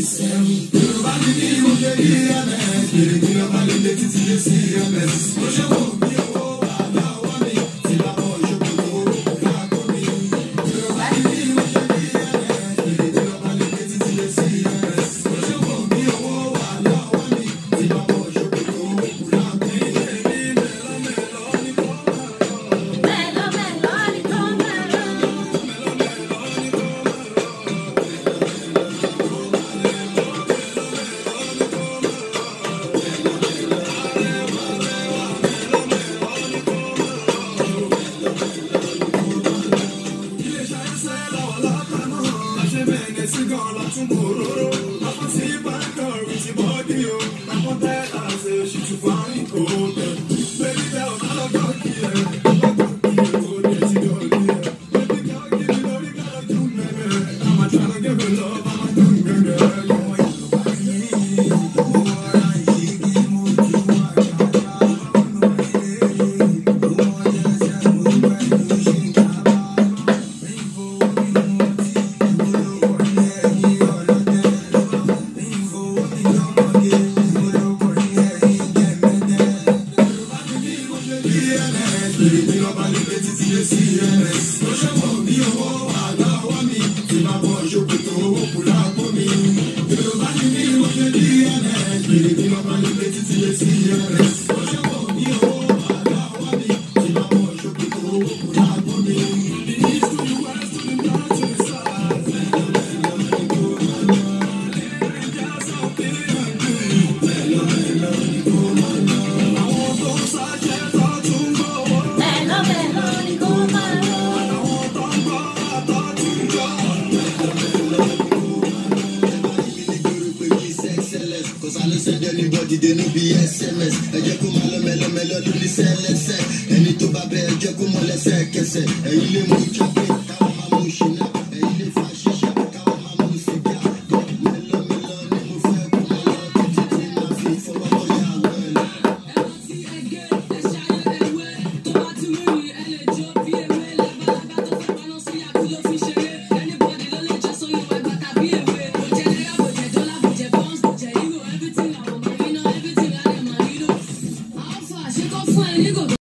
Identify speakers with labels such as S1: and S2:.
S1: Sen duran gibi bu geriye ne
S2: gan lọ tún mọ òróró àwọn tí bá ń dọ̀rùn ti bọ́ọ̀dì o àwọn tẹ́lá ṣe ṣùtù fáwọn ìkó bẹ̀rù.
S3: Yes, yes, yes.
S1: Cause I listen to anybody, they no be SMS. Ẹ jẹ́ kó máa lọ mẹ́lọ́mẹ́lọ́ lórí sẹ́lẹ̀sẹ̀. Ẹni tó bá bẹ ẹ jẹ́ kó mọ lẹ́sẹ̀kẹsẹ̀. Ẹ̀yin lè mú ìjọba.